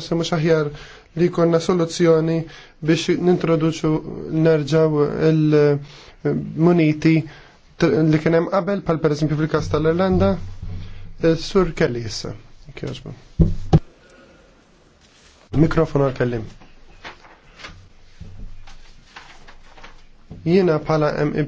Se mux aħjar li konna soluzzjoni biex nintroduċu nerġaw il-muniti li kienem qabel, pal per esempio fil-kas tal-Irlanda, sur Kelly Mikrofono Mikrofon għal-kellim. Jena pala MEP